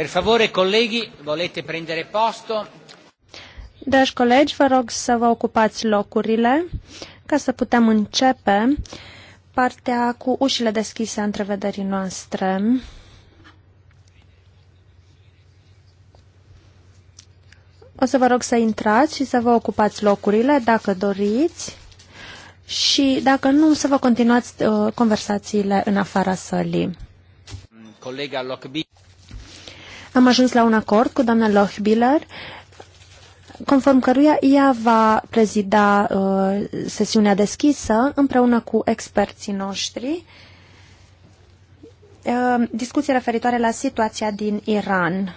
Per favore, colleghi, volete prendere posto? Dragi colegi, vă rog să vă ocupați locurile ca să putem începe partea cu ușile deschise a întrevederii noastre. O să vă rog să intrați și să vă ocupați locurile dacă doriți și dacă nu, să vă continuați uh, conversațiile în afara sălii. Colega Lockby. Am ajuns la un acord cu doamna Lochbiller, conform căruia ea va prezida uh, sesiunea deschisă împreună cu experții noștri. Uh, discuții referitoare la situația din Iran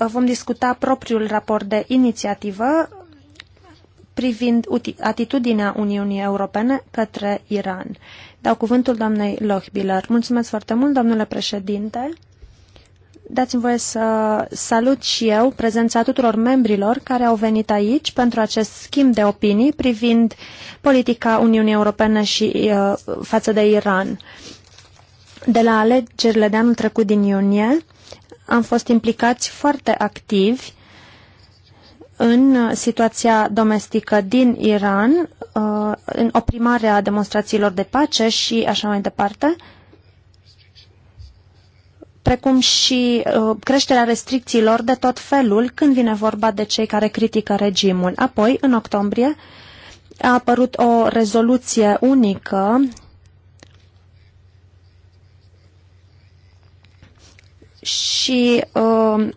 uh, vom discuta propriul raport de inițiativă privind atitudinea Uniunii Europene către Iran. Dau cuvântul doamnei Lochbiller. Mulțumesc foarte mult, domnule președinte. Dați-mi voie să salut și eu prezența tuturor membrilor care au venit aici pentru acest schimb de opinii privind politica Uniunii Europene și uh, față de Iran. De la alegerile de anul trecut din iunie am fost implicați foarte activi în situația domestică din Iran, uh, în oprimarea demonstrațiilor de pace și așa mai departe, precum și uh, creșterea restricțiilor de tot felul când vine vorba de cei care critică regimul. Apoi, în octombrie, a apărut o rezoluție unică și uh,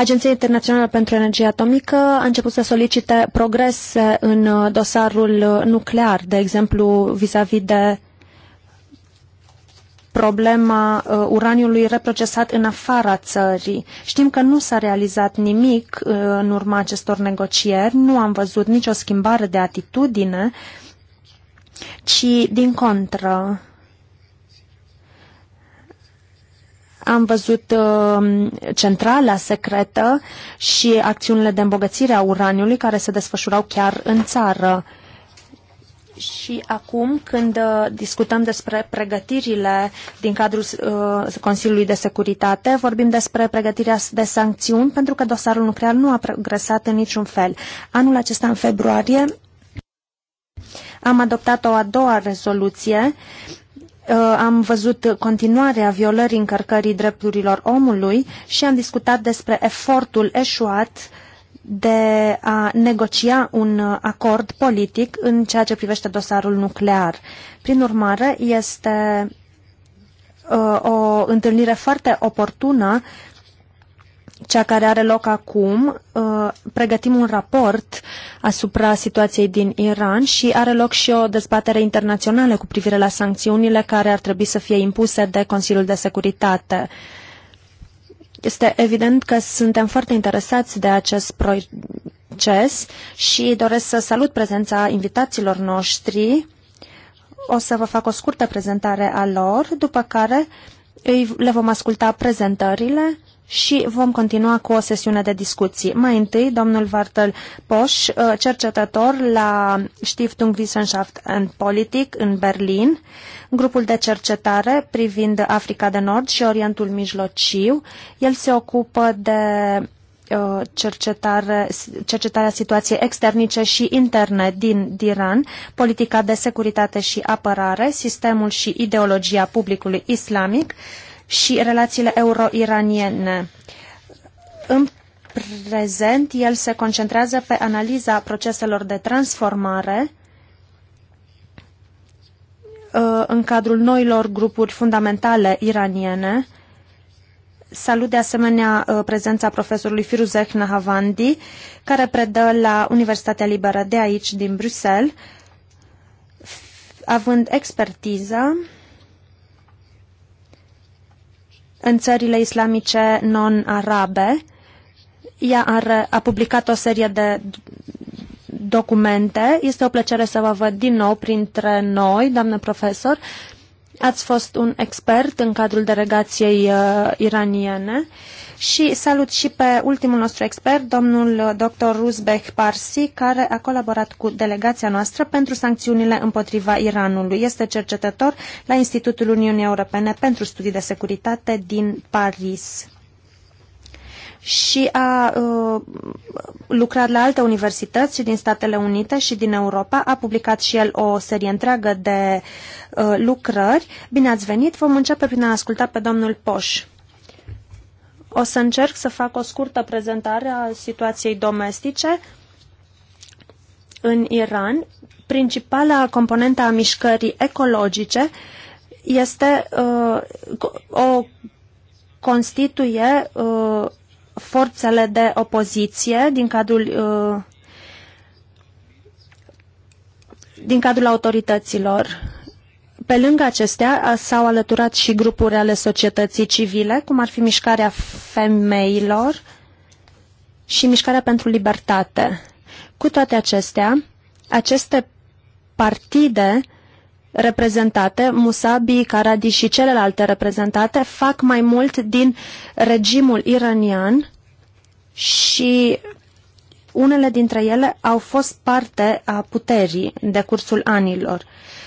Agenția Internațională pentru Energie Atomică a început să solicite progrese în uh, dosarul uh, nuclear, de exemplu vis-a-vis -vis de problema uh, uraniului reprocesat în afara țării. Știm că nu s-a realizat nimic în urma acestor negocieri, nu am văzut nicio schimbare de atitudine, ci din contră am văzut uh, centrala secretă și acțiunile de îmbogățire a uraniului care se desfășurau chiar în țară. Și acum, când uh, discutăm despre pregătirile din cadrul uh, Consiliului de Securitate, vorbim despre pregătirea de sancțiuni, pentru că dosarul nuclear nu a progresat în niciun fel. Anul acesta, în februarie, am adoptat o a doua rezoluție Uh, am văzut continuarea violării încărcării drepturilor omului și am discutat despre efortul eșuat de a negocia un acord politic în ceea ce privește dosarul nuclear. Prin urmare, este uh, o întâlnire foarte oportună cea care are loc acum, uh, pregătim un raport asupra situației din Iran și are loc și o dezbatere internațională cu privire la sancțiunile care ar trebui să fie impuse de Consiliul de Securitate. Este evident că suntem foarte interesați de acest proces și doresc să salut prezența invitaților noștri. O să vă fac o scurtă prezentare a lor, după care îi, le vom asculta prezentările și vom continua cu o sesiune de discuții. Mai întâi, domnul Vartel Poș, uh, cercetător la Stiftung Wissenschaft and Politik în Berlin, grupul de cercetare privind Africa de Nord și Orientul Mijlociu. El se ocupă de uh, cercetare, cercetarea situației externice și interne din Iran, politica de securitate și apărare, sistemul și ideologia publicului islamic și relațiile euro-iraniene. În prezent, el se concentrează pe analiza proceselor de transformare uh, în cadrul noilor grupuri fundamentale iraniene. Salut de asemenea uh, prezența profesorului Firuzeh Nahavandi, care predă la Universitatea Liberă de aici, din Bruxelles, având expertiza în țările islamice non-arabe. Ea ar, a publicat o serie de documente. Este o plăcere să vă văd din nou printre noi, doamnă profesor. Ați fost un expert în cadrul delegației uh, iraniene și salut și pe ultimul nostru expert, domnul uh, dr. Ruzbeh Parsi, care a colaborat cu delegația noastră pentru sancțiunile împotriva Iranului. Este cercetător la Institutul Uniunii Europene pentru Studii de Securitate din Paris și a uh, lucrat la alte universități și din Statele Unite și din Europa. A publicat și el o serie întreagă de uh, lucrări. Bine ați venit! Vom începe prin a asculta pe domnul Poș. O să încerc să fac o scurtă prezentare a situației domestice în Iran. Principala componentă a mișcării ecologice este uh, o constituie uh, forțele de opoziție din cadrul, uh, din cadrul autorităților. Pe lângă acestea s-au alăturat și grupuri ale societății civile, cum ar fi mișcarea femeilor și mișcarea pentru libertate. Cu toate acestea, aceste partide uh, reprezentate, Musabi, Karadi și celelalte reprezentate, fac mai mult din regimul iranian și unele dintre ele au fost parte a puterii în decursul anilor.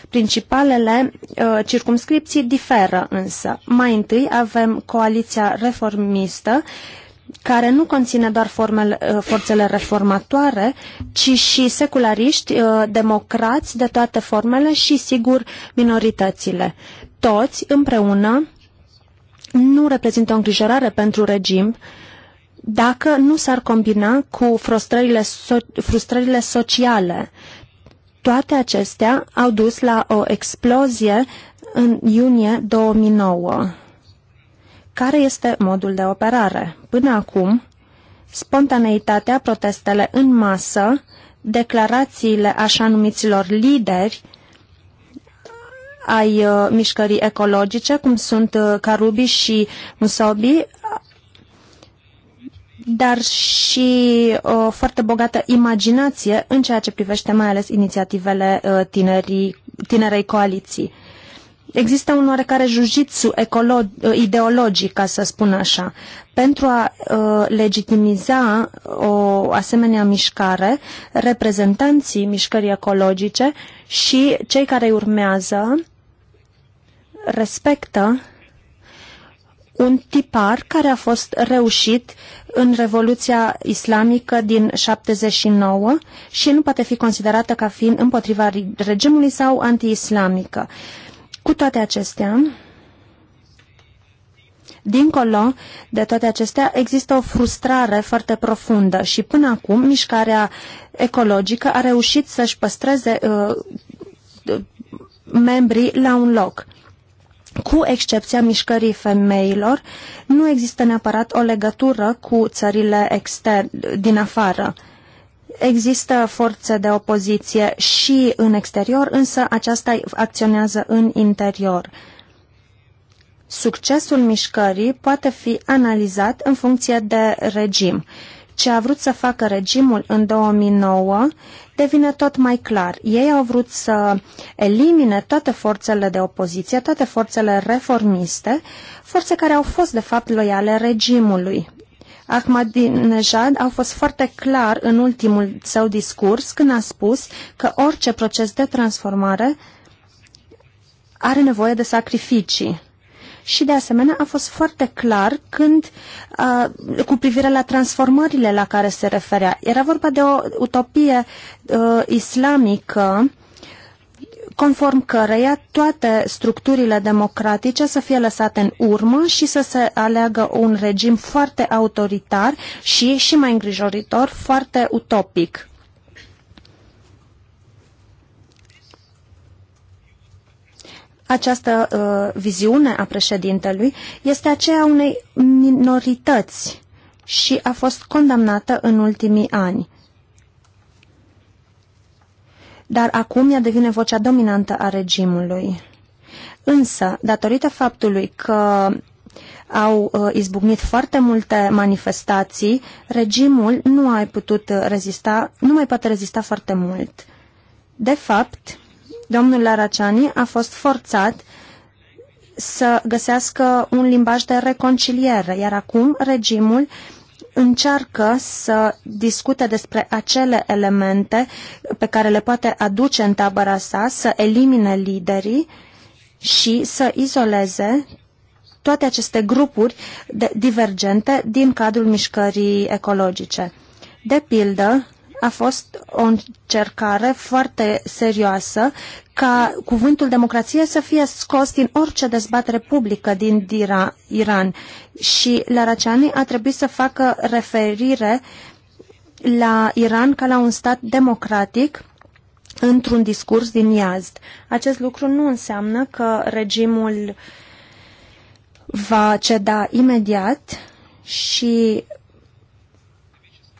Principalele uh, circumscripții diferă însă. Mai întâi avem coaliția reformistă, uh, care nu conține doar formele, uh, forțele reformatoare, ci și seculariști, uh, democrați de toate formele și, sigur, minoritățile. Toți, împreună, nu reprezintă o îngrijorare pentru regim dacă nu s-ar combina cu frustrările, so- frustrările sociale. Toate acestea au dus la o explozie în iunie 2009 care este modul de operare? Până acum, spontaneitatea, protestele în masă, declarațiile așa numiților lideri ai uh, mișcării ecologice, cum sunt uh, Carubi și Musobi, dar și o foarte bogată imaginație în ceea ce privește mai ales inițiativele uh, tinerii, tinerei coaliții. Există un oarecare jujitsu ideologic, ca să spun așa. Pentru a uh, legitimiza o asemenea mișcare, reprezentanții mișcării ecologice și cei care îi urmează respectă un tipar care a fost reușit în Revoluția Islamică din 79 și nu poate fi considerată ca fiind împotriva regimului sau antiislamică. Uh, cu toate acestea, Dincolo de toate acestea, există o frustrare foarte profundă și până acum mișcarea ecologică a reușit să-și păstreze uh, membrii la un loc. Cu excepția mișcării femeilor, nu există neapărat o legătură cu țările externe, din afară. Uh, Există forțe de opoziție și în exterior, însă aceasta acționează în interior. Succesul mișcării poate fi analizat în funcție de regim. Ce a vrut să facă regimul în 2009 devine tot mai clar. Ei au vrut să elimine toate forțele de opoziție, toate forțele reformiste, forțe care au fost de fapt loiale regimului. Ahmadinejad a fost foarte clar în ultimul său discurs când a spus că orice proces de transformare are nevoie de sacrificii. Și de asemenea a fost foarte clar când, a, cu privire la transformările la care se referea. Era vorba de o utopie a, islamică conform căreia toate structurile democratice să fie lăsate în urmă și să se aleagă un regim foarte autoritar și, și mai îngrijoritor, foarte utopic. Această uh, viziune a președintelui este aceea unei minorități și a fost condamnată în ultimii ani dar acum ea devine vocea dominantă a regimului. Însă, datorită faptului că au uh, izbucnit foarte multe manifestații, regimul nu a putut rezista, nu mai poate rezista foarte mult. De fapt, domnul Laraciani a fost forțat să găsească un limbaj de reconciliere, iar acum regimul încearcă să discute despre acele elemente pe care le poate aduce în tabăra sa, să elimine liderii și să izoleze toate aceste grupuri de, divergente din cadrul mișcării ecologice. De pildă, a fost o încercare foarte serioasă ca cuvântul democrație să fie scos din orice dezbatere publică din Iran și Laraciani a trebuit să facă referire la Iran ca la un stat democratic într-un discurs din Iazd. Acest lucru nu înseamnă că regimul va ceda imediat și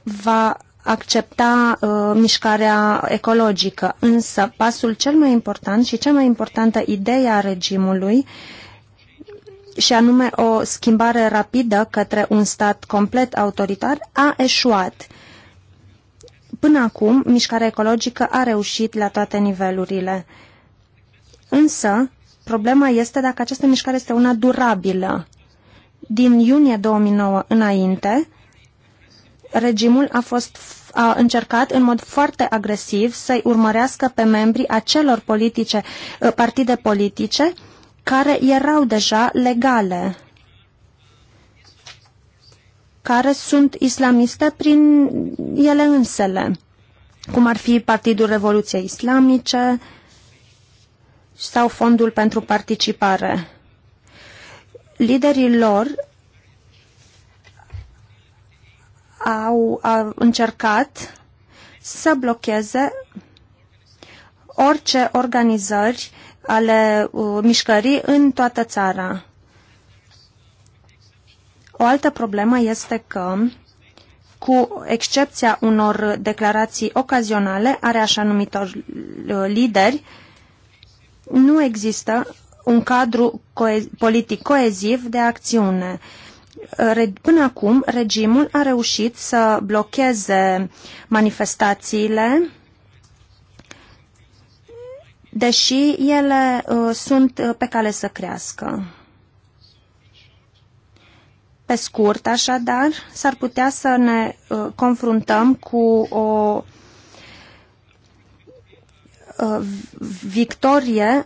va accepta uh, mișcarea ecologică. Însă, pasul cel mai important și cea mai importantă idee a regimului și anume o schimbare rapidă către un stat complet autoritar, a eșuat. Până acum, mișcarea ecologică a reușit la toate nivelurile. Însă, problema este dacă această mișcare este una durabilă. Din iunie 2009 înainte, regimul a fost a încercat în mod foarte agresiv să-i urmărească pe membrii acelor politice, uh, partide politice care erau deja legale, care sunt islamiste prin ele însele, cum ar fi Partidul Revoluției Islamice sau Fondul pentru Participare. Liderii lor au, au încercat să blocheze orice organizări ale uh, mișcării în toată țara. O altă problemă este că, cu excepția unor declarații ocazionale are așa numitor uh, lideri, nu există un cadru coe politic coeziv de acțiune. Uh, Până acum, regimul a reușit să blocheze manifestațiile, deși ele uh, sunt uh, pe cale să crească. Pe scurt, așadar, s-ar putea să ne uh, confruntăm cu o victorie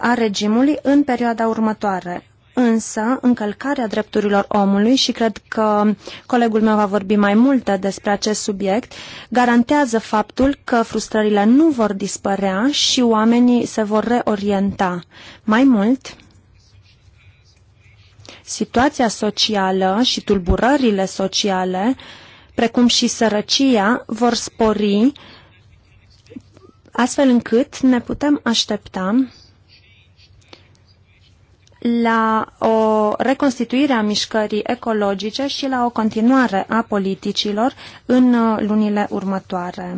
a regimului în perioada următoare. Însă, încălcarea drepturilor omului, și cred că colegul meu va vorbi mai multe despre acest subiect, garantează faptul că frustrările nu vor dispărea și oamenii se vor reorienta. Mai mult, situația socială și tulburările sociale, precum și sărăcia, vor spori astfel încât ne putem aștepta la o reconstituire a mișcării ecologice și la o continuare a politicilor în uh, lunile următoare.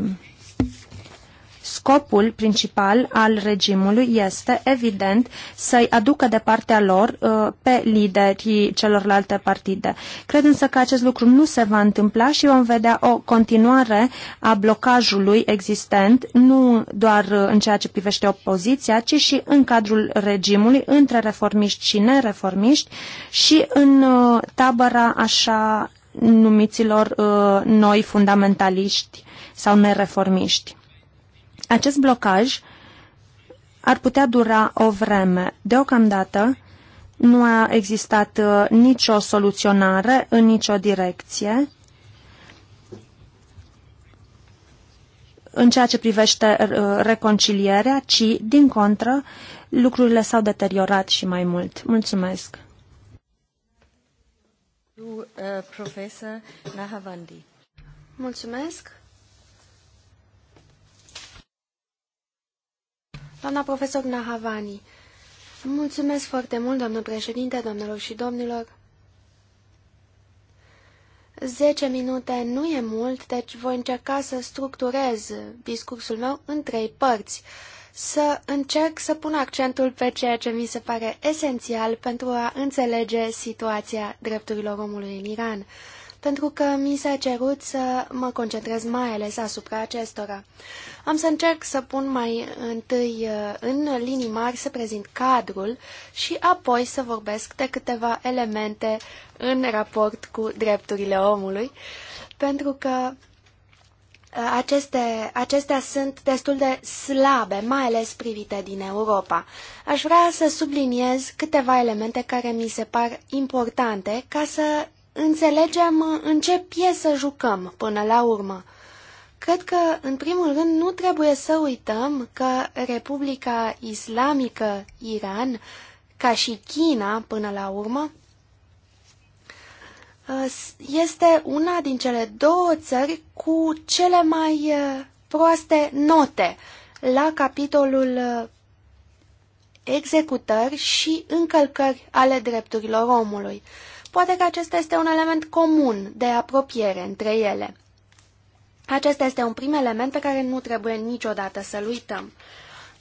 Scopul principal al regimului este, evident, să-i aducă de partea lor uh, pe liderii celorlalte partide. Cred însă că acest lucru nu se va întâmpla și vom vedea o continuare a blocajului existent, nu doar uh, în ceea ce privește opoziția, ci și în cadrul regimului, între reformiști și nereformiști și în uh, tabăra așa numiților noi fundamentaliști sau nereformiști. Acest blocaj ar putea dura o vreme. Deocamdată nu a existat uh, nicio soluționare în nicio direcție. în ceea ce privește uh, reconcilierea, ci, din contră, lucrurile s-au deteriorat și mai mult. Mulțumesc! Uh, profesor Mulțumesc! Doamna profesor Nahavani. Mulțumesc foarte mult, doamnă președinte, doamnelor și domnilor. Zece minute nu e mult, deci voi încerca să structurez discursul meu în trei părți. Să încerc să pun accentul pe ceea ce mi se pare esențial pentru a înțelege situația drepturilor omului în Iran pentru că mi s-a cerut să mă concentrez mai ales asupra acestora. Am să încerc să pun mai întâi uh, în linii mari să prezint cadrul și apoi să vorbesc de câteva elemente în raport cu drepturile omului, pentru că uh, aceste, acestea sunt destul de slabe, mai ales privite din Europa. Aș vrea să subliniez câteva elemente care mi se par importante ca să înțelegem în ce piesă jucăm până la urmă. Cred că, în primul rând, nu trebuie să uităm că Republica Islamică Iran, ca și China până la urmă, este una din cele două țări cu cele mai eh, proaste note la capitolul eh, executări și încălcări ale drepturilor omului. Poate că acesta este un element comun de apropiere între ele. Acesta este un prim element pe care nu trebuie niciodată să-l uităm.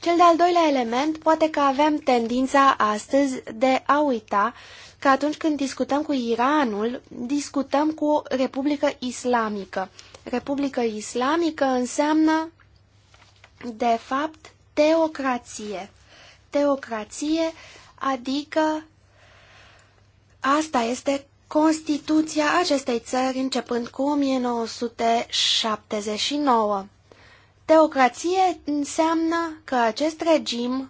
Cel de-al doilea element, poate că avem tendința astăzi de a uita că atunci când discutăm cu Iranul, discutăm cu Republica Republică Islamică. Republică Islamică înseamnă, de fapt, teocrație. Teocrație adică Asta este Constituția acestei țări începând cu 1979. Teocrație înseamnă că acest regim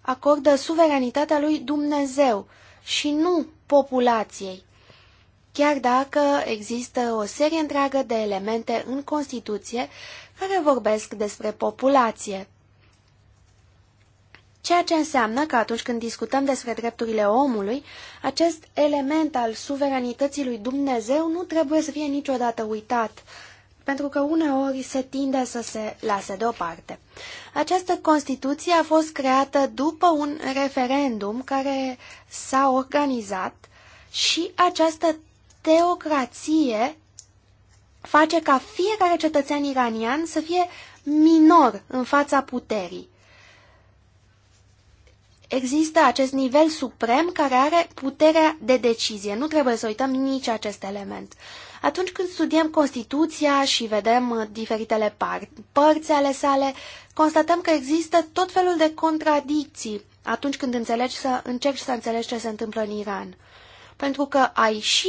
acordă suveranitatea lui Dumnezeu și nu populației, chiar dacă există o serie întreagă de elemente în Constituție care vorbesc despre populație. Ceea ce înseamnă că atunci când discutăm despre drepturile omului, acest element al suveranității lui Dumnezeu nu trebuie să fie niciodată uitat, pentru că uneori se tinde să se lase deoparte. Această Constituție a fost creată după un referendum care s-a organizat și această teocrație face ca fiecare cetățean iranian să fie minor în fața puterii există acest nivel suprem care are puterea de decizie. Nu trebuie să uităm nici acest element. Atunci când studiem Constituția și vedem uh, diferitele par părți ale sale, constatăm că există tot felul de contradicții atunci când înțelegi să, încerci să înțelegi ce se întâmplă în Iran. Pentru că ai și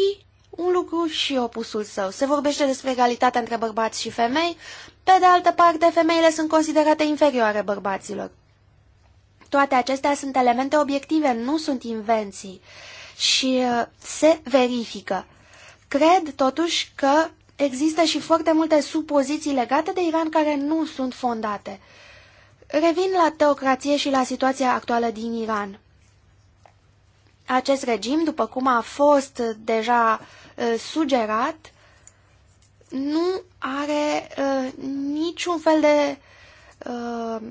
un lucru și opusul său. Se vorbește despre egalitatea între bărbați și femei, pe de altă parte, femeile sunt considerate inferioare bărbaților. Toate acestea sunt elemente obiective, nu sunt invenții și uh, se verifică. Cred totuși că există și foarte multe supoziții legate de Iran care nu sunt fondate. Revin la teocrație și la situația actuală din Iran. Acest regim, după cum a fost deja uh, sugerat, nu are uh, niciun fel de uh,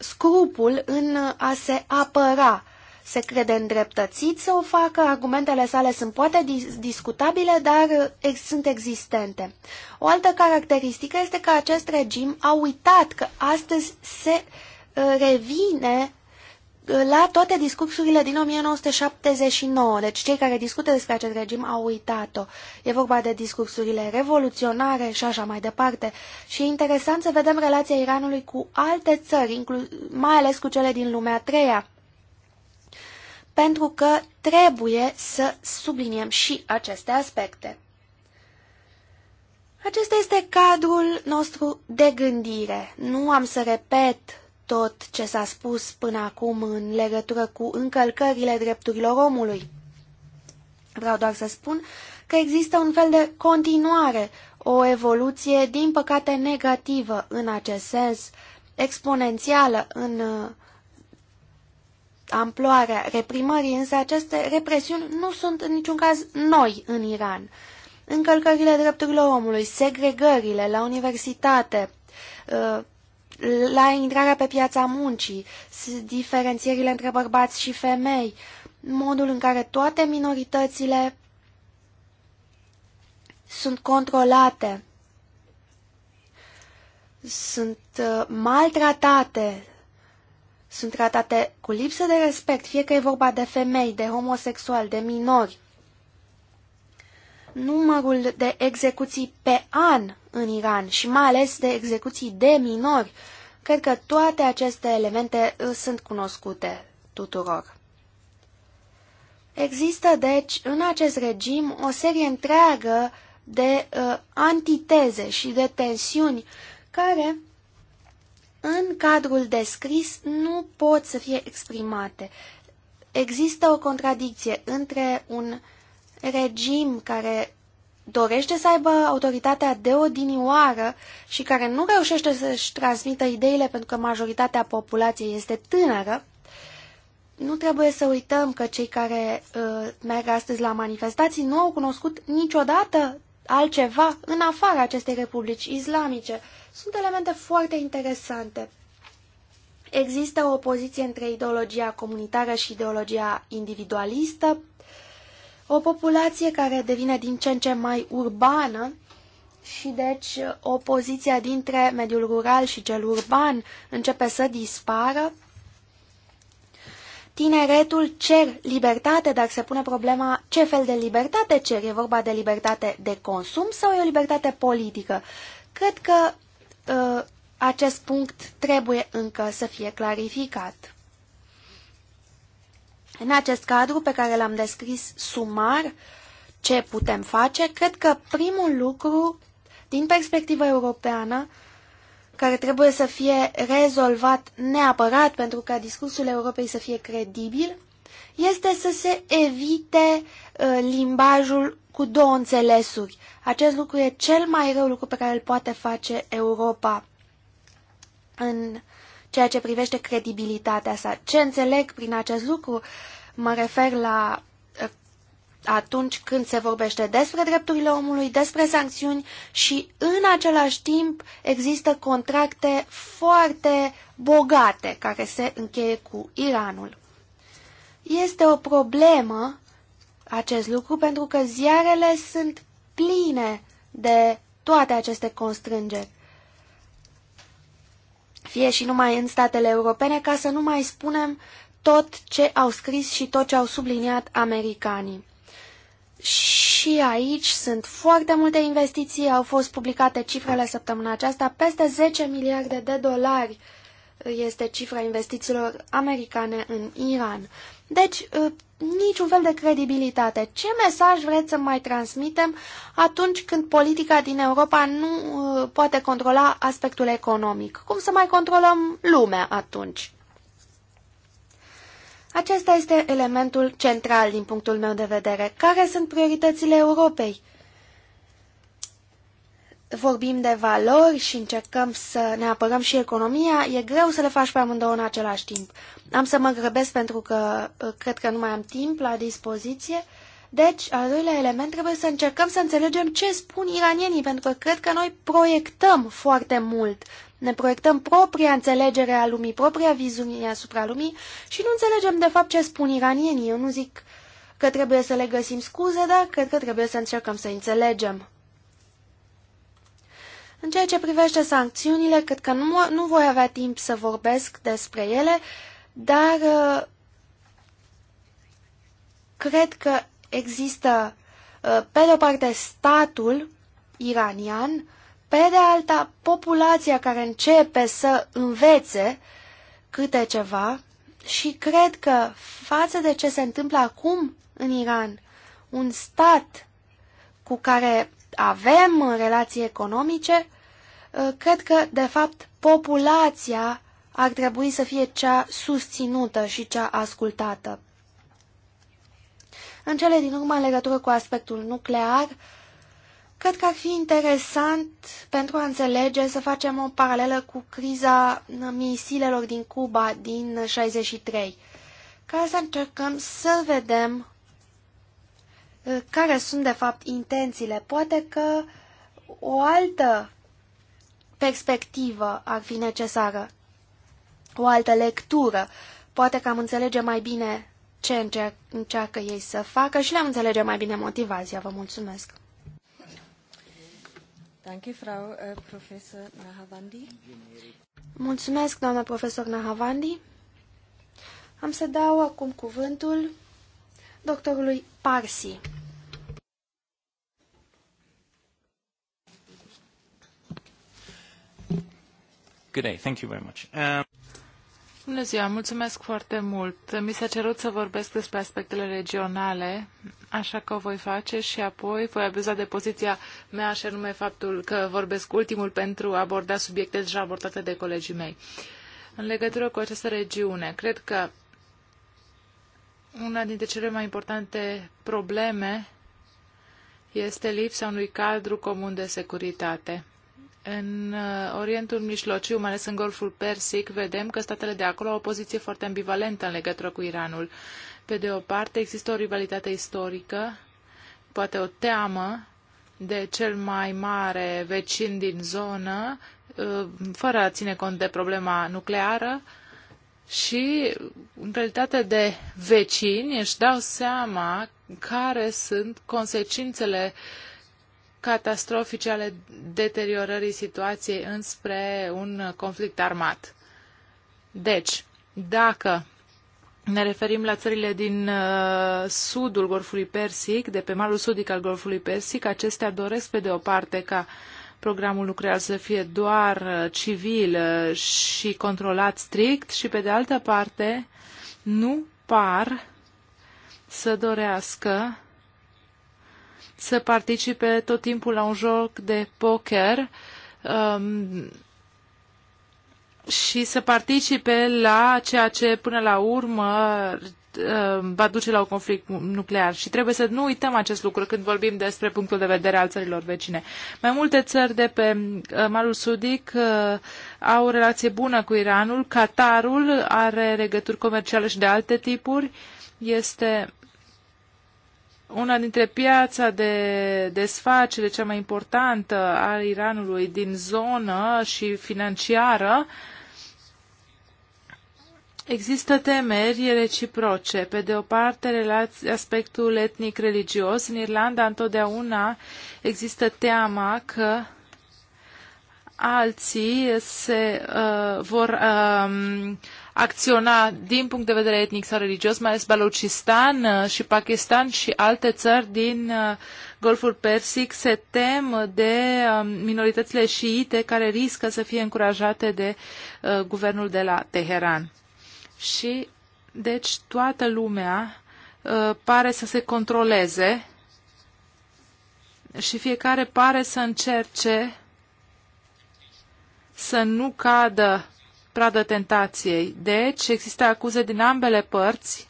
scrupul în a se apăra. Se crede îndreptățit să o facă, argumentele sale sunt poate discutabile, dar ex eh, sunt existente. O altă caracteristică este că acest regim a uitat că astăzi se eh, revine la toate discursurile din 1979, deci cei care discută despre acest regim au uitat-o. E vorba de discursurile revoluționare și așa mai departe. Și e interesant să vedem relația Iranului cu alte țări, mai ales cu cele din lumea treia. Pentru că trebuie să subliniem și aceste aspecte. Acesta este cadrul nostru de gândire. Nu am să repet tot ce s-a spus până acum în legătură cu încălcările drepturilor omului. Vreau doar să spun că există un fel de continuare, o evoluție, din păcate, negativă în acest sens, exponențială în uh, amploarea reprimării, însă aceste represiuni nu sunt în niciun caz noi în Iran. Încălcările drepturilor omului, segregările la universitate, uh, la intrarea pe piața muncii, diferențierile între bărbați și femei, modul în care toate minoritățile sunt controlate, sunt uh, maltratate, sunt tratate cu lipsă de respect, fie că e vorba de femei, de homosexuali, de minori. Numărul de execuții pe an în Iran și mai ales de execuții de minori. Cred că toate aceste elemente uh, sunt cunoscute tuturor. Există, deci, în acest regim o serie întreagă de uh, antiteze și de tensiuni care, în cadrul descris, nu pot să fie exprimate. Există o contradicție între un regim care dorește să aibă autoritatea de odinioară și care nu reușește să-și transmită ideile pentru că majoritatea populației este tânără, nu trebuie să uităm că cei care uh, merg astăzi la manifestații nu au cunoscut niciodată altceva în afara acestei republici islamice. Sunt elemente foarte interesante. Există o opoziție între ideologia comunitară și ideologia individualistă. O populație care devine din ce în ce mai urbană și deci opoziția dintre mediul rural și cel urban începe să dispară. Tineretul cer libertate, dar se pune problema ce fel de libertate cer. E vorba de libertate de consum sau e o libertate politică? Cred că uh, acest punct trebuie încă să fie clarificat. În acest cadru pe care l-am descris sumar, ce putem face, cred că primul lucru din perspectiva europeană care trebuie să fie rezolvat neapărat pentru ca discursul Europei să fie credibil, este să se evite uh, limbajul cu două înțelesuri. Acest lucru e cel mai rău lucru pe care îl poate face Europa în ceea ce privește credibilitatea sa. Ce înțeleg prin acest lucru? Mă refer la uh, atunci când se vorbește despre drepturile omului, despre sancțiuni și în același timp există contracte foarte bogate care se încheie cu Iranul. Este o problemă acest lucru pentru că ziarele sunt pline de toate aceste constrângeri fie și numai în statele europene, ca să nu mai spunem tot ce au scris și tot ce au subliniat americanii. Și aici sunt foarte multe investiții, au fost publicate cifrele săptămâna aceasta, peste 10 miliarde de dolari uh, este cifra investițiilor americane în Iran. Deci, uh, niciun fel de credibilitate. Ce mesaj vreți să mai transmitem atunci când politica din Europa nu uh, poate controla aspectul economic? Cum să mai controlăm lumea atunci? Acesta este elementul central din punctul meu de vedere. Care sunt prioritățile Europei? vorbim de valori și încercăm să ne apărăm și economia, e greu să le faci pe amândouă în același timp. Am să mă grăbesc pentru că uh, cred că nu mai am timp la dispoziție. Deci, al doilea element, trebuie să încercăm să înțelegem ce spun iranienii, pentru că cred că noi proiectăm foarte mult. Ne proiectăm propria înțelegere a lumii, propria viziune asupra lumii și nu înțelegem de fapt ce spun iranienii. Eu nu zic că trebuie să le găsim scuze, dar cred că trebuie să încercăm să înțelegem. În ceea ce privește sancțiunile, cred că nu, nu voi avea timp să vorbesc despre ele, dar uh, cred că există, uh, pe de o parte, statul iranian, pe de alta, populația care începe să învețe câte ceva și cred că față de ce se întâmplă acum în Iran, un stat cu care avem relații economice, uh, cred că, de fapt, populația ar trebui să fie cea susținută și cea ascultată. În cele din urmă, în legătură cu aspectul nuclear, cred că ar fi interesant pentru a înțelege să facem o paralelă cu criza misilelor din Cuba din 63, ca să încercăm să vedem care sunt de fapt intențiile. Poate că o altă perspectivă ar fi necesară, o altă lectură. Poate că am înțelege mai bine ce încerc, încearcă ei să facă și le-am înțelege mai bine motivația. Vă mulțumesc! Uh, mulțumesc, doamnă profesor Nahavandi. Am să dau acum cuvântul doctorului Parsi. Good day. Thank you very much. Um... Bună ziua, mulțumesc foarte mult. Mi s-a cerut să vorbesc despre aspectele regionale, așa că o voi face și apoi voi abuza de poziția mea, așa nume faptul că vorbesc ultimul pentru a aborda subiecte deja abordate de colegii mei. În legătură cu această regiune, cred că una dintre cele mai importante probleme este lipsa unui cadru comun de securitate. În uh, Orientul Mijlociu, mai ales în Golful Persic, vedem că statele de acolo au o poziție foarte ambivalentă în legătură cu Iranul. Pe de o parte, există o rivalitate istorică, poate o teamă de cel mai mare vecin din zonă, uh, fără a ține cont de problema nucleară, și, în realitate de vecini, își dau seama care sunt consecințele catastrofice ale deteriorării situației înspre un conflict armat. Deci, dacă ne referim la țările din uh, sudul Golfului Persic, de pe malul sudic al Golfului Persic, acestea doresc pe de o parte ca uh, programul nuclear să fie doar uh, civil uh, și controlat strict și, pe de altă parte, nu par să dorească să participe tot timpul la un joc de poker um, și să participe la ceea ce până la urmă Uh, va duce la un conflict nuclear și trebuie să nu uităm acest lucru când vorbim despre punctul de vedere al țărilor vecine. Mai multe țări de pe uh, Malul Sudic uh, au o relație bună cu Iranul, Qatarul are legături comerciale și de alte tipuri, este una dintre piața de desfacere cea mai importantă a Iranului din zonă și financiară, uh, Există temeri reciproce. Pe de o parte, aspectul etnic-religios. În Irlanda întotdeauna există teama că alții se uh, vor uh, acționa din punct de vedere etnic sau religios, mai ales Balochistan uh, și Pakistan și alte țări din uh, Golful Persic se tem de um, minoritățile șiite care riscă să fie încurajate de uh, guvernul de la Teheran și deci toată lumea uh, pare să se controleze și fiecare pare să încerce să nu cadă pradă tentației. Deci există acuze din ambele părți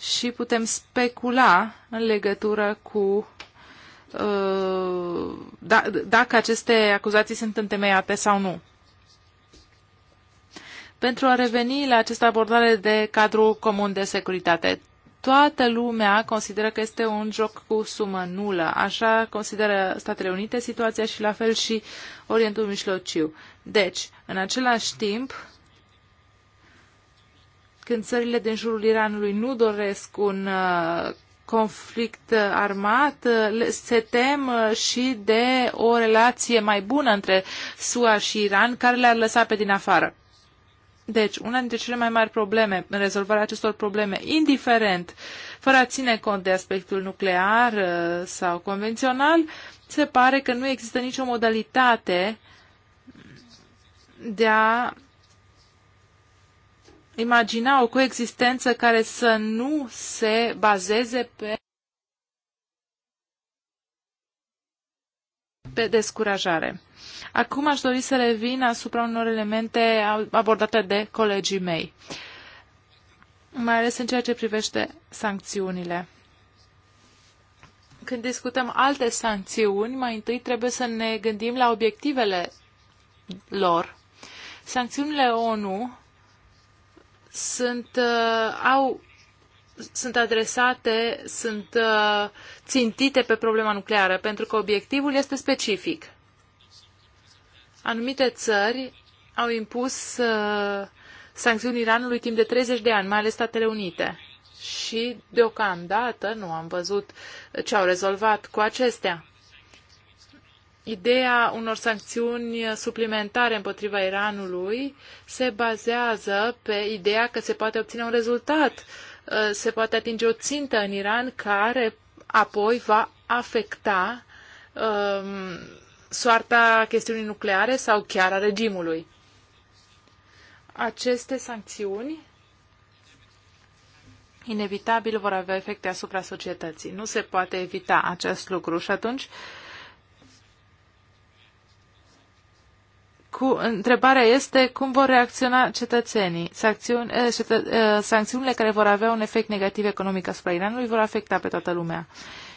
și putem specula în legătură cu uh, da, dacă aceste acuzații sunt întemeiate sau nu pentru a reveni la această abordare de cadru comun de securitate. Toată lumea consideră că este un joc cu sumă nulă. Așa consideră Statele Unite situația și la fel și Orientul Mijlociu. Deci, în același timp, când țările din jurul Iranului nu doresc un uh, conflict uh, armat, uh, se tem și de o relație mai bună între SUA și Iran, care le-ar lăsa pe din afară. Deci, una dintre cele mai mari probleme în rezolvarea acestor probleme, indiferent, fără a ține cont de aspectul nuclear uh, sau convențional, se pare că nu există nicio modalitate de a imagina o coexistență care să nu se bazeze pe, pe descurajare. Acum aș dori să revin asupra unor elemente abordate de colegii mei, mai ales în ceea ce privește sancțiunile. Când discutăm alte sancțiuni, mai întâi trebuie să ne gândim la obiectivele lor. Sancțiunile ONU sunt, uh, au, sunt adresate, sunt uh, țintite pe problema nucleară, pentru că obiectivul este specific. Anumite țări au impus uh, sancțiuni Iranului timp de 30 de ani, mai ales Statele Unite. Și deocamdată nu am văzut ce au rezolvat cu acestea. Ideea unor sancțiuni suplimentare împotriva Iranului se bazează pe ideea că se poate obține un rezultat, uh, se poate atinge o țintă în Iran care apoi va afecta um, soarta chestiunii nucleare sau chiar a regimului. Aceste sancțiuni inevitabil vor avea efecte asupra societății. Nu se poate evita acest lucru și atunci cu, întrebarea este cum vor reacționa cetățenii. Sancțiuni, eh, cetă, eh, sancțiunile care vor avea un efect negativ economic asupra Iranului vor afecta pe toată lumea.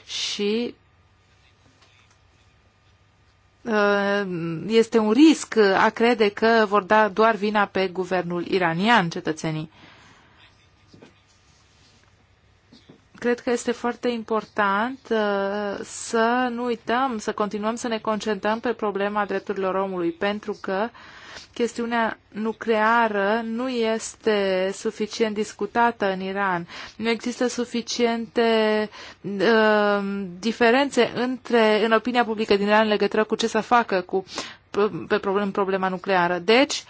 Și Uh, este un risc a crede că vor da doar vina pe guvernul iranian cetățenii. Cred că este foarte important uh, să nu uităm, să continuăm să ne concentrăm pe problema drepturilor omului, pentru că uh, chestiunea nucleară nu este suficient discutată în Iran. Nu există suficiente uh, diferențe între, în opinia publică din Iran în legătură cu ce să facă cu, pe problem, problema nucleară. Deci,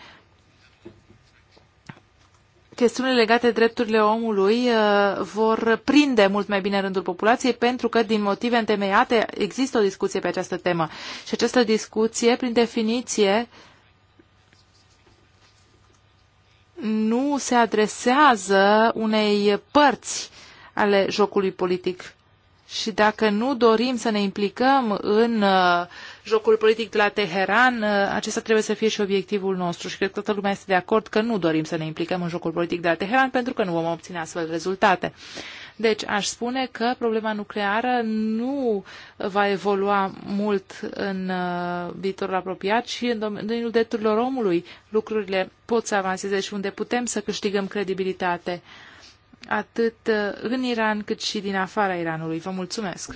chestiunile legate de drepturile omului uh, vor prinde mult mai bine rândul populației pentru că din motive întemeiate există o discuție pe această temă. Și această discuție, prin definiție, nu se adresează unei părți ale jocului politic. Și dacă nu dorim să ne implicăm în uh, jocul politic de la Teheran, uh, acesta trebuie să fie și obiectivul nostru. Și cred că toată lumea este de acord că nu dorim să ne implicăm în jocul politic de la Teheran pentru că nu vom obține astfel rezultate. Deci aș spune că problema nucleară nu va evolua mult în uh, viitorul apropiat și în domeniul drepturilor omului lucrurile pot să avanseze și unde putem să câștigăm credibilitate atât uh, în Iran cât și din afara Iranului. Vă mulțumesc!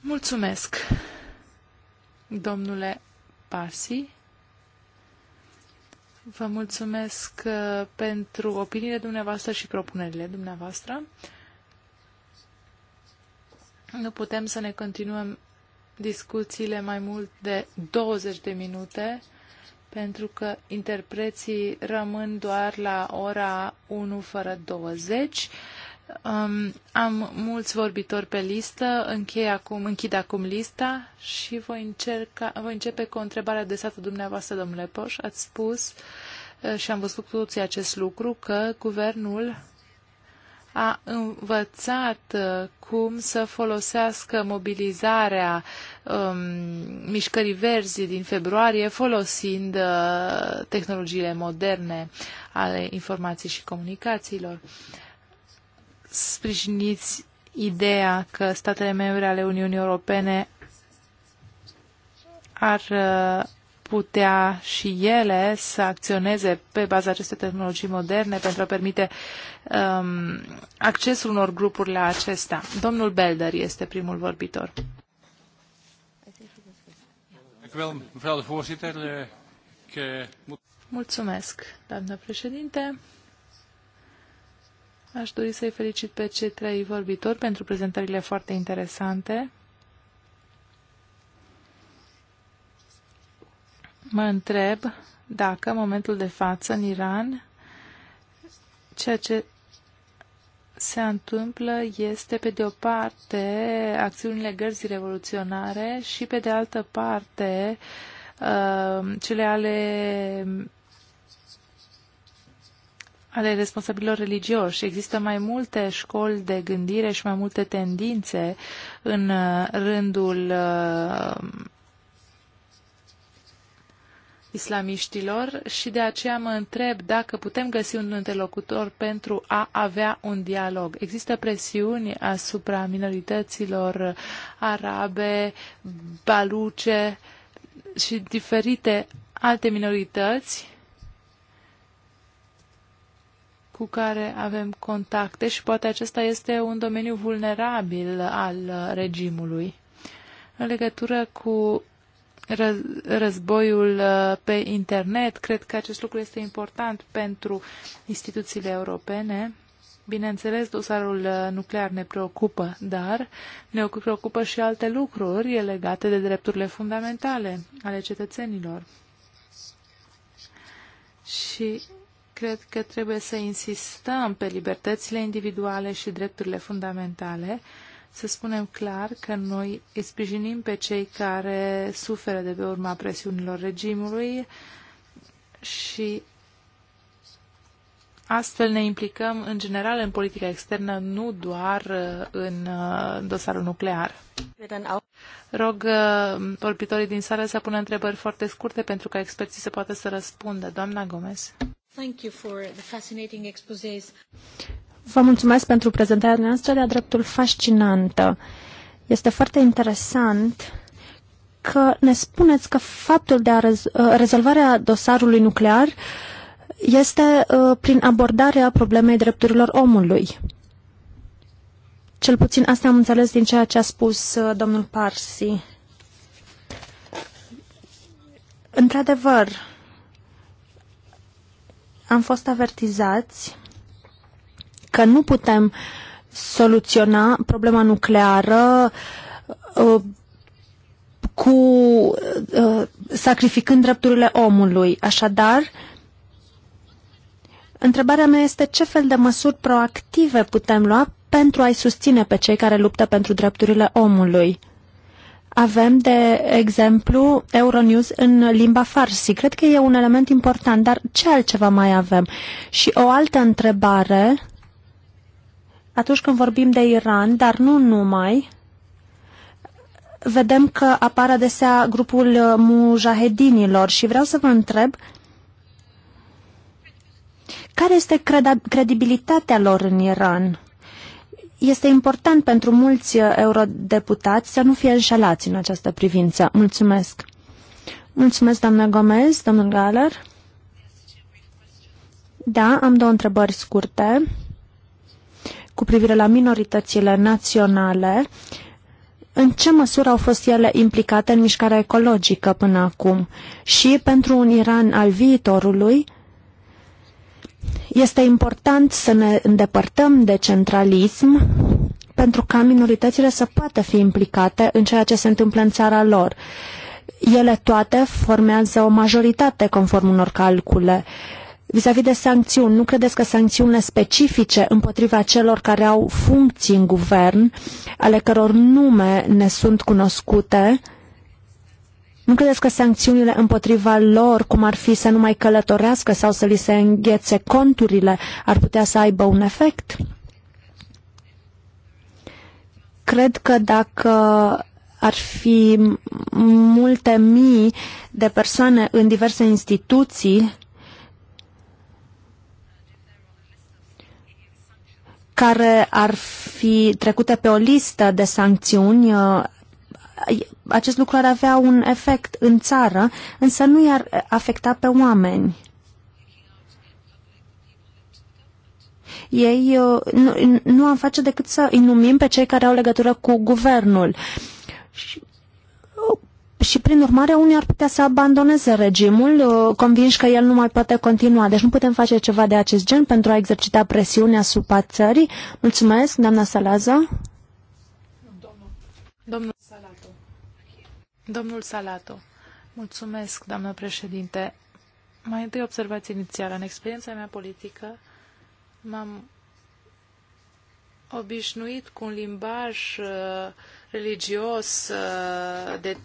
Mulțumesc, domnule Parsi. Vă mulțumesc uh, pentru opiniile dumneavoastră și propunerile dumneavoastră. Nu putem să ne continuăm discuțiile mai mult de 20 de minute, pentru că interpreții rămân doar la ora 1 fără 20. Um, am mulți vorbitori pe listă, închei acum, închid acum lista și voi, încerca, voi începe cu o întrebare adresată dumneavoastră, domnule Poș. Ați spus uh, și am văzut cu toții acest lucru, că guvernul a învățat uh, cum să folosească mobilizarea um, mișcării verzi din februarie folosind uh, tehnologiile moderne ale informației și comunicațiilor. Uh, sprijiniți ideea că statele membre ale Uniunii Europene ar uh, putea și ele să acționeze pe baza acestei tehnologii moderne pentru a permite um, accesul unor grupuri la acestea. Domnul Belder este primul vorbitor. Eh, eh, Mulțumesc, doamnă președinte. Aș dori să-i felicit pe cei trei vorbitori pentru prezentările foarte interesante. Mă întreb dacă, în momentul de față, în Iran, ceea ce se întâmplă este, pe de o parte, acțiunile gărzii revoluționare și, pe de altă parte, uh, cele ale ale responsabililor religioși. Există mai multe școli de gândire și mai multe tendințe în uh, rândul uh, islamiștilor și de aceea mă întreb dacă putem găsi un interlocutor pentru a avea un dialog. Există presiuni asupra minorităților arabe, baluce și diferite alte minorități cu care avem contacte și poate acesta este un domeniu vulnerabil al regimului. În legătură cu războiul uh, pe internet, cred că acest lucru este important pentru instituțiile europene. Bineînțeles, dosarul uh, nuclear ne preocupă, dar ne preocupă și alte lucruri legate de drepturile fundamentale ale cetățenilor. Și Cred că trebuie să insistăm pe libertățile individuale și drepturile fundamentale, să spunem clar că noi îi sprijinim pe cei care suferă de pe urma presiunilor regimului și astfel ne implicăm în general în politica externă, nu doar uh, în uh, dosarul nuclear. Rog uh, vorbitorii din sală să pună întrebări foarte scurte pentru ca experții să poată să răspundă. Doamna Gomez. Vă mulțumesc pentru prezentarea noastră de-a dreptul fascinantă. Este foarte interesant că ne spuneți că faptul de a rez uh, rezolvarea dosarului nuclear este uh, prin abordarea problemei drepturilor omului. Cel puțin asta am înțeles din ceea ce a spus uh, domnul Parsi. Într-adevăr, am fost avertizați că nu putem soluționa problema nucleară uh, cu uh, sacrificând drepturile omului. Așadar, întrebarea mea este ce fel de măsuri proactive putem lua pentru a-i susține pe cei care luptă pentru drepturile omului. Avem, de exemplu, Euronews în limba farsi. Cred că e un element important, dar ce altceva mai avem? Și o altă întrebare, atunci când vorbim de Iran, dar nu numai, vedem că apare adesea grupul mujahedinilor și vreau să vă întreb care este credibilitatea lor în Iran? Este important pentru mulți uh, eurodeputați să nu fie înșelați în această privință. Mulțumesc! Mulțumesc, doamna Gomez, domnul Galer. Da, am două întrebări scurte cu privire la minoritățile naționale. În ce măsură au fost ele implicate în mișcarea ecologică până acum? Și pentru un Iran al viitorului, este important să ne îndepărtăm de centralism pentru ca minoritățile să poată fi implicate în ceea ce se întâmplă în țara lor. Ele toate formează o majoritate conform unor calcule. Vis-a-vis -vis de sancțiuni, nu credeți că sancțiunile specifice împotriva celor care au funcții în guvern, ale căror nume ne sunt cunoscute, uh, nu credeți că sancțiunile împotriva lor, cum ar fi să nu mai călătorească sau să li se înghețe conturile, ar putea să aibă un efect? Cred că dacă ar fi multe mii de persoane în diverse instituții care ar fi trecute pe o listă de sancțiuni acest lucru ar avea un efect în țară, însă nu i-ar afecta pe oameni. Ei uh, nu, nu am face decât să inumim pe cei care au legătură cu guvernul. Și, uh, și prin urmare, unii ar putea să abandoneze regimul, uh, convinși că el nu mai poate continua. Deci nu putem face ceva de acest gen pentru a exercita presiune asupra țării. Mulțumesc, doamna Salaza. Domnul Domnul Salato. Mulțumesc, doamnă președinte. Mai întâi observație inițială. În experiența mea politică m-am obișnuit cu un limbaj uh, religios uh, de,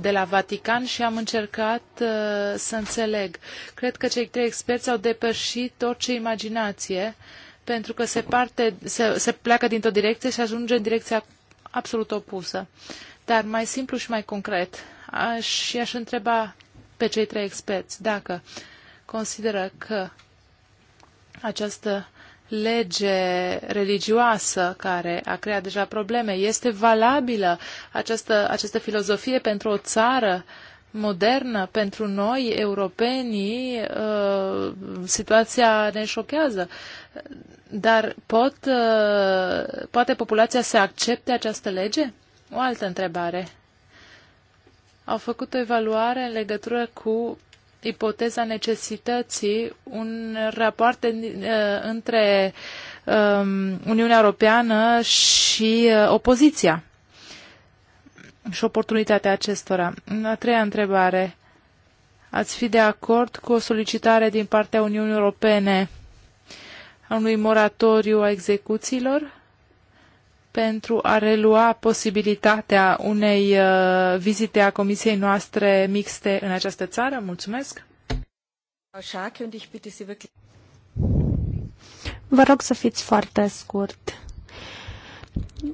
de la Vatican și am încercat uh, să înțeleg. Cred că cei trei experți au depășit orice imaginație pentru că se, parte, se, se pleacă dintr-o direcție și ajunge în direcția absolut opusă. Uh, dar mai simplu și mai concret, aș, și aș întreba pe cei trei experți dacă consideră că această lege religioasă care a creat deja probleme este valabilă această, această filozofie pentru o țară modernă, pentru noi, europenii, uh, situația ne șochează. Dar pot, uh, poate populația să accepte această lege? O altă întrebare. Au făcut o evaluare în legătură cu ipoteza necesității un raport uh, între um, Uniunea Europeană și uh, opoziția și oportunitatea acestora. A treia întrebare. Ați fi de acord cu o solicitare din partea Uniunii Europene a unui moratoriu a execuțiilor? pentru a relua posibilitatea unei uh, vizite a comisiei noastre mixte în această țară. Mulțumesc! Vă rog să fiți foarte scurt.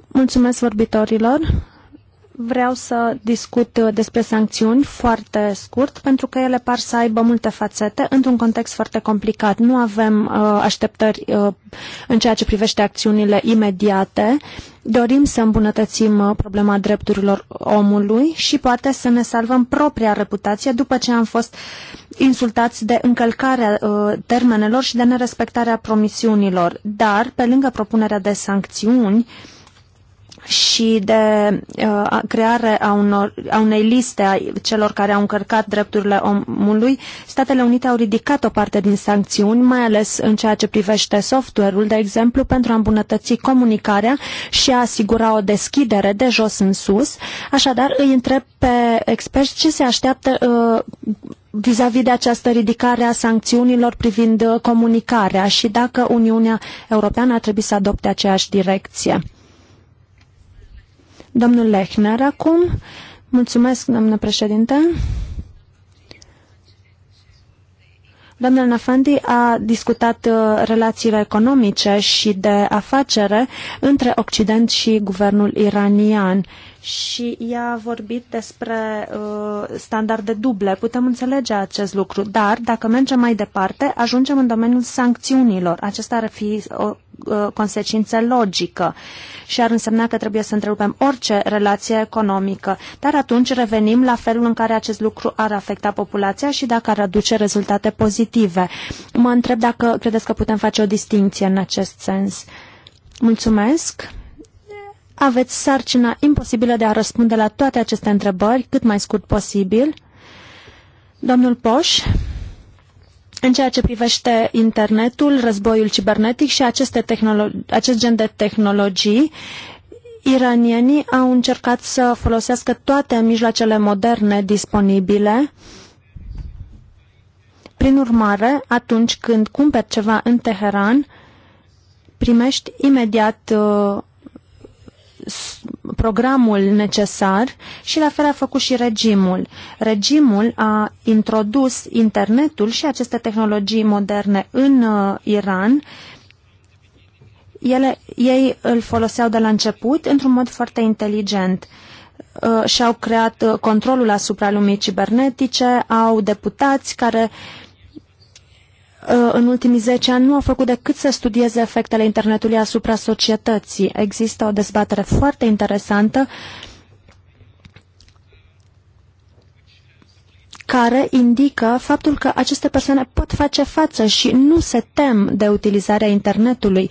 Mulțumesc vorbitorilor vreau să discut uh, despre sancțiuni foarte scurt, pentru că ele par să aibă multe fațete într-un context foarte complicat. Nu avem uh, așteptări uh, în ceea ce privește acțiunile imediate. Dorim să îmbunătățim uh, problema drepturilor omului și poate să ne salvăm propria reputație după ce am fost insultați de încălcarea uh, termenelor și de nerespectarea promisiunilor. Dar, pe lângă propunerea de sancțiuni, uh, și de uh, creare a, unor, a unei liste a celor care au încărcat drepturile omului, Statele Unite au ridicat o parte din sancțiuni, mai ales în ceea ce privește software-ul, de exemplu, pentru a îmbunătăți comunicarea și a asigura o deschidere de jos în sus. Așadar, îi întreb pe experți ce se așteaptă uh, vis-a-vis -vis de această ridicare a sancțiunilor privind uh, comunicarea și dacă Uniunea Europeană ar trebui să adopte aceeași direcție. Domnul Lechner acum. Mulțumesc, doamnă președinte. Domnul Nafandi a discutat uh, relațiile economice și de afacere între Occident și guvernul iranian și ea a vorbit despre uh, standarde duble. Putem înțelege acest lucru, dar dacă mergem mai departe, ajungem în domeniul sancțiunilor. Acesta ar fi o uh, consecință logică și ar însemna că trebuie să întrerupem orice relație economică. Dar atunci revenim la felul în care acest lucru ar afecta populația și dacă ar aduce rezultate pozitive. Mă întreb dacă credeți că putem face o distinție în acest sens. Mulțumesc! aveți sarcina imposibilă de a răspunde la toate aceste întrebări cât mai scurt posibil. Domnul Poș, în ceea ce privește internetul, războiul cibernetic și aceste acest gen de tehnologii, iranienii au încercat să folosească toate mijloacele moderne disponibile. Prin urmare, atunci când cumperi ceva în Teheran, primești imediat uh, programul necesar și la fel a făcut și regimul. Regimul a introdus internetul și aceste tehnologii moderne în uh, Iran. Ele, ei îl foloseau de la început într-un mod foarte inteligent. Uh, și-au creat uh, controlul asupra lumii cibernetice, au deputați care uh, Uh, în ultimii 10 ani nu au făcut decât să studieze efectele internetului asupra societății. Există o dezbatere foarte interesantă care indică faptul că aceste persoane pot face față și nu se tem de utilizarea internetului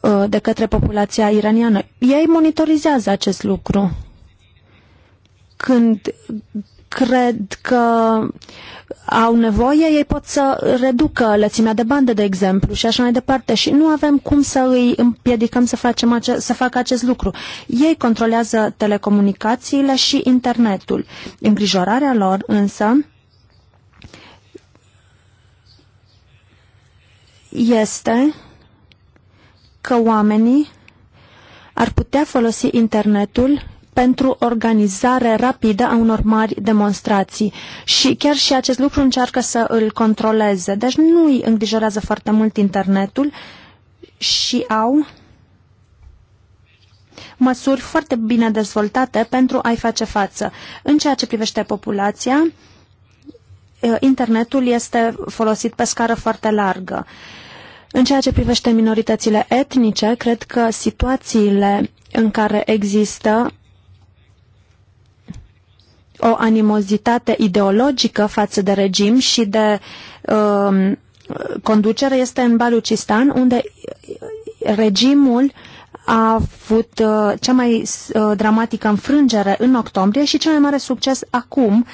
uh, de către populația iraniană. Ei monitorizează acest lucru. Când cred că au nevoie, ei pot să reducă lățimea de bandă, de exemplu, și așa mai departe. Și nu avem cum să îi împiedicăm să, facem ace- să facă acest lucru. Ei controlează telecomunicațiile și internetul. Îngrijorarea lor însă este că oamenii ar putea folosi internetul pentru organizare rapidă a unor mari demonstrații. Și chiar și acest lucru încearcă să îl controleze. Deci nu îi îngrijorează foarte mult internetul și au măsuri foarte bine dezvoltate pentru a-i face față. În ceea ce privește populația, eh, internetul este folosit pe scară foarte largă. În ceea ce privește minoritățile etnice, cred că situațiile în care există o animozitate ideologică față de regim și de uh, conducere este în Balucistan, unde regimul a avut uh, cea mai uh, dramatică înfrângere în octombrie și cel mai mare succes acum,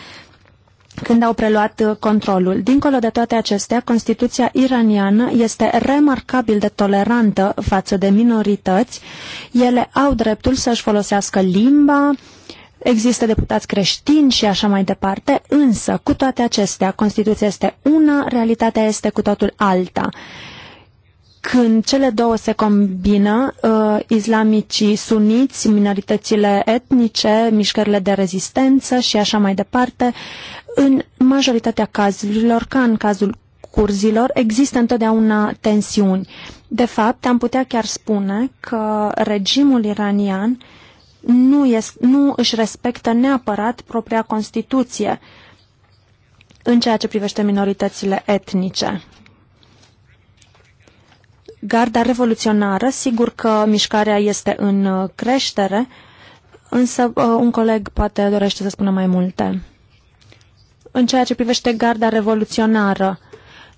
când au preluat uh, controlul. Dincolo de toate acestea, Constituția iraniană este remarcabil de tolerantă față de minorități. Ele au dreptul să-și folosească limba, uh, există deputați creștini și așa mai departe, însă, cu toate acestea, Constituția este una, realitatea este cu totul alta. Când cele două se combină, uh, islamicii suniți, minoritățile etnice, mișcările de rezistență și așa mai departe, în majoritatea cazurilor, ca în cazul curzilor, există întotdeauna tensiuni. De fapt, am putea chiar spune că regimul iranian nu, este, nu își respectă neapărat propria Constituție în ceea ce privește minoritățile etnice. Garda revoluționară, sigur că mișcarea este în uh, creștere, însă uh, un coleg poate dorește să spună mai multe. În ceea ce privește garda revoluționară,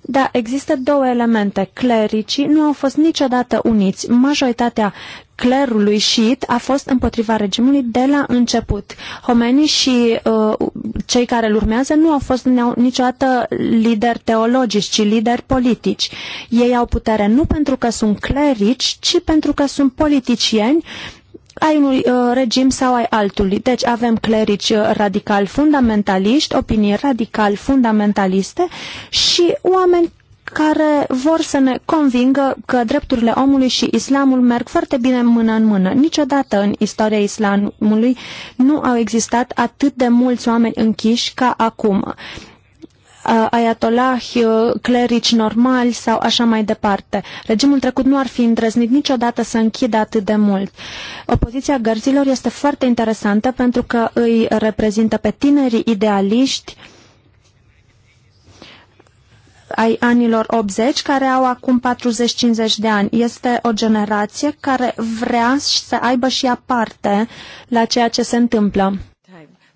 da, există două elemente. Clericii nu au fost niciodată uniți. Majoritatea clerului șiit a fost împotriva regimului de la început. Homenii și uh, cei care îl urmează nu au fost niciodată lideri teologici, ci lideri politici. Ei au putere nu pentru că sunt clerici, ci pentru că sunt politicieni ai unui uh, regim sau ai altului. Deci avem clerici uh, radical fundamentaliști, opinii radical fundamentaliste și oameni care vor să ne convingă că drepturile omului și islamul merg foarte bine mână în mână. Niciodată în istoria islamului nu au existat atât de mulți oameni închiși ca acum Ayatollahi, uh, clerici normali sau așa mai departe. Regimul trecut nu ar fi îndrăznit niciodată să închidă atât de mult. Opoziția gărzilor este foarte interesantă pentru că îi reprezintă pe tinerii idealiști ai anilor 80, care au acum 40-50 de ani. Este o generație care vrea să aibă și aparte la ceea ce se întâmplă.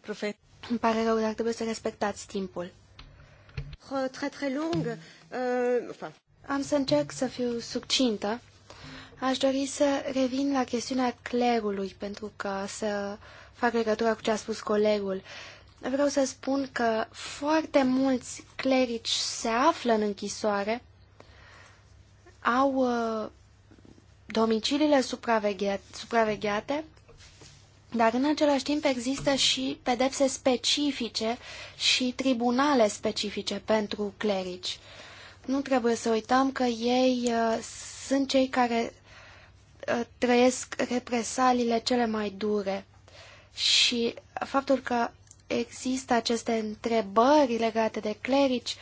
Profet. Îmi pare rău, dar trebuie să respectați timpul. Euh, Am să încerc să fiu succintă. Aș dori să revin la chestiunea clerului, pentru că să fac legătura cu ce a spus colegul. Uh, vreau să spun că foarte mulți clerici se află în închisoare, au uh, domiciliile supravegheate, dar în același timp există și pedepse specifice și tribunale specifice pentru clerici. Nu trebuie să uităm că ei uh, sunt cei care uh, trăiesc represaliile cele mai dure și faptul că există aceste întrebări legate de clerici,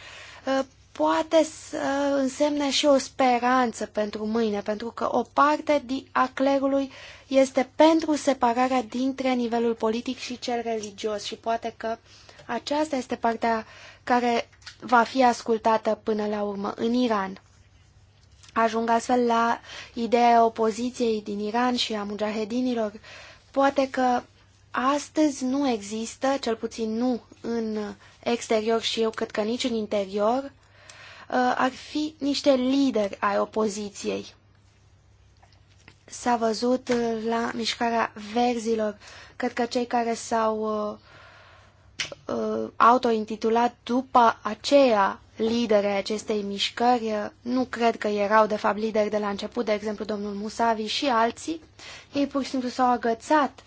uh, poate să însemne și o speranță pentru mâine, pentru că o parte a clerului este pentru separarea dintre nivelul politic și cel religios și poate că aceasta este partea care va fi ascultată până la urmă în Iran. Ajung astfel la ideea opoziției din Iran și a mujahedinilor. Poate că Astăzi nu există, cel puțin nu în exterior și eu cred că nici în interior, uh, ar fi niște lideri ai opoziției. S-a văzut uh, la mișcarea verzilor, cred că cei care s-au uh, autointitulat după aceea lidere acestei mișcări, nu cred că erau de fapt lideri de la început, de exemplu domnul Musavi și alții, ei pur și simplu s-au agățat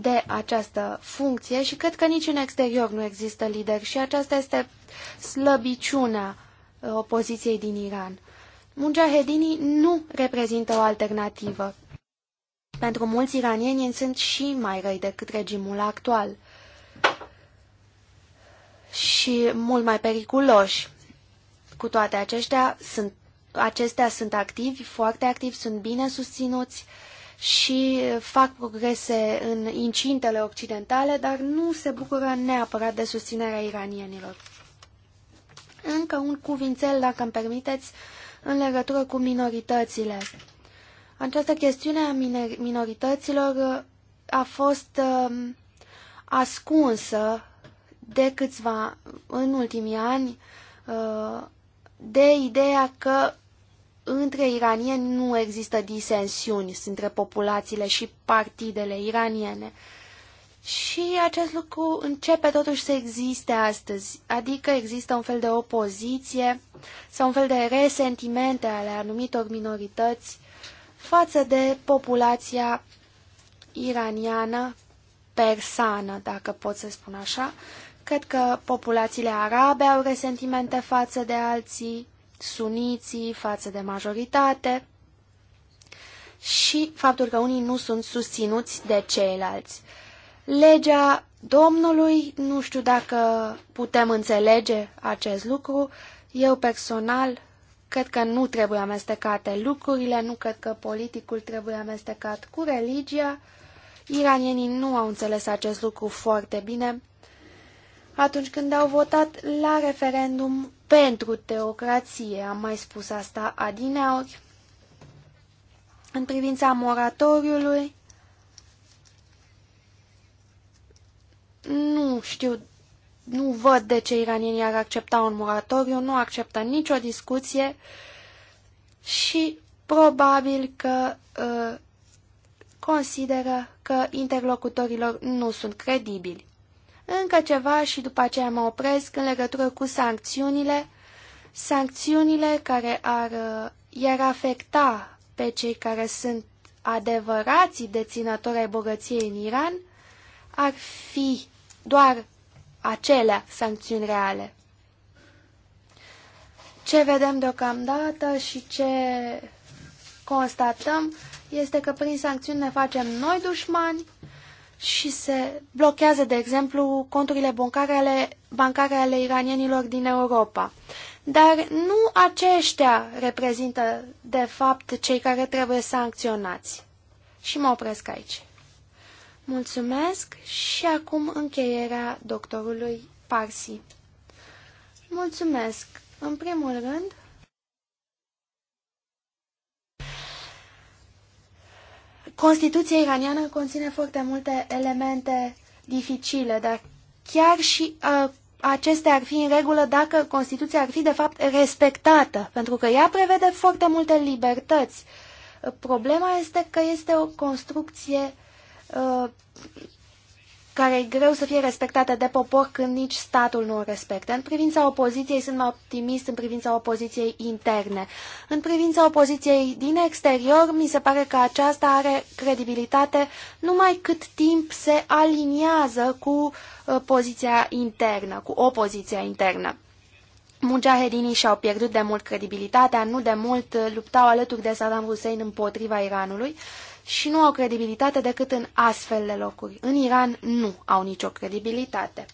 de această funcție și cred că nici în exterior nu există lider și aceasta este slăbiciunea uh, opoziției din Iran. Mujahedinii nu reprezintă o alternativă. Pentru mulți iranieni sunt și mai răi decât regimul actual și mult mai periculoși. Cu toate acestea, sunt, acestea sunt activi, foarte activi, sunt bine susținuți, uh, și fac progrese în incintele occidentale, dar nu se bucură neapărat de susținerea iranienilor. Încă un cuvințel, dacă îmi permiteți, în legătură cu minoritățile. Această chestiune a minorităților uh, a fost uh, ascunsă de câțiva, în ultimii ani, uh, de ideea că între iranieni nu există disensiuni între populațiile și partidele iraniene. Și acest lucru începe totuși să existe astăzi, adică există un fel de opoziție sau un fel de resentimente ale anumitor minorități față de populația iraniană persană, dacă pot să spun așa. Cred că populațiile arabe au resentimente față de alții, suniții față de majoritate și faptul că unii nu sunt susținuți de ceilalți. Legea Domnului, nu știu dacă putem înțelege acest lucru, eu personal cred că nu trebuie amestecate lucrurile, nu cred că politicul trebuie amestecat cu religia. Iranienii nu au înțeles acest lucru foarte bine atunci când au votat la referendum pentru teocrație. Am mai spus asta adineori. În privința moratoriului, nu știu, nu văd de ce iranienii ar accepta un moratoriu, nu acceptă nicio discuție și probabil că uh, consideră că interlocutorilor nu sunt credibili. Încă ceva și după aceea mă opresc în legătură cu sancțiunile, sancțiunile care ar, uh, i-ar afecta pe cei care sunt adevărații deținători ai bogăției în Iran, ar fi doar acelea sancțiuni reale. Ce vedem deocamdată și ce constatăm este că prin sancțiuni ne facem noi dușmani și se blochează, de exemplu, conturile bancare ale, bancare ale iranienilor din Europa. Dar nu aceștia reprezintă, de fapt, cei care trebuie sancționați. Și mă opresc aici. Mulțumesc și acum încheierea doctorului Parsi. Mulțumesc. În primul rând, Constituția iraniană conține foarte multe elemente dificile, dar chiar și uh, acestea ar fi în regulă dacă Constituția ar fi de fapt respectată, pentru că ea prevede foarte multe libertăți. Problema este că este o construcție uh, care e greu să fie respectată de popor când nici statul nu o respectă. În privința opoziției sunt mai optimist în privința opoziției interne. În privința opoziției din exterior, mi se pare că aceasta are credibilitate numai cât timp se aliniază cu uh, poziția internă, cu opoziția internă. Mujahedinii și-au pierdut de mult credibilitatea, nu de mult uh, luptau alături de Saddam Hussein împotriva Iranului și nu au credibilitate decât în astfel de locuri. În Iran nu au nicio credibilitate.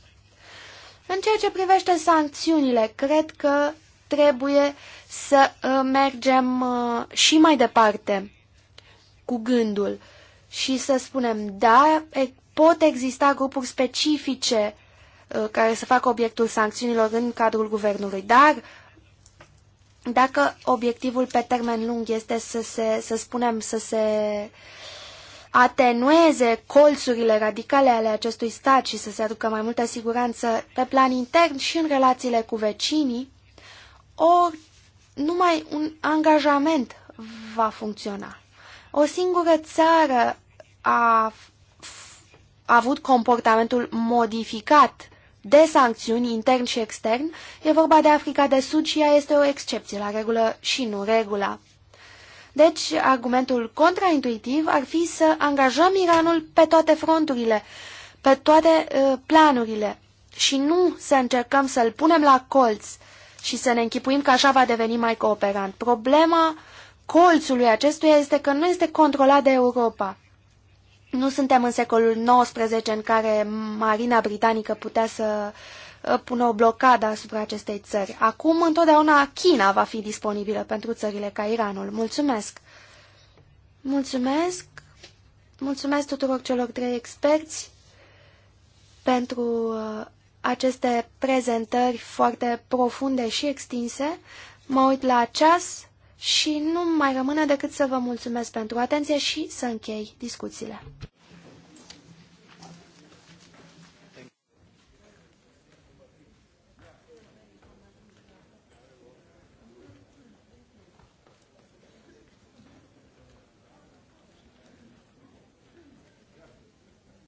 În ceea ce privește sancțiunile, cred că trebuie să uh, mergem uh, și mai departe cu gândul și să spunem, da, pot exista grupuri specifice uh, care să facă obiectul sancțiunilor în cadrul guvernului, dar dacă obiectivul pe termen lung este să, se, să spunem, să se atenueze colțurile radicale ale acestui stat și să se aducă mai multă siguranță pe plan intern și în relațiile cu vecinii, ori numai un angajament va funcționa. O singură țară a, a avut comportamentul modificat de sancțiuni intern și extern. E vorba de Africa de Sud și ea este o excepție la regulă și nu regula. Deci, argumentul contraintuitiv ar fi să angajăm Iranul pe toate fronturile, pe toate uh, planurile și nu să încercăm să-l punem la colț și să ne închipuim că așa va deveni mai cooperant. Problema colțului acestuia este că nu este controlat de Europa. Nu suntem în secolul XIX în care Marina Britanică putea să uh, pună o blocadă asupra acestei țări. Acum, întotdeauna, China va fi disponibilă pentru țările ca Iranul. Mulțumesc! Mulțumesc! Mulțumesc tuturor celor trei experți pentru uh, aceste prezentări foarte profunde și extinse. Mă uit la ceas și nu mai rămâne decât să vă mulțumesc pentru atenție și să închei discuțiile.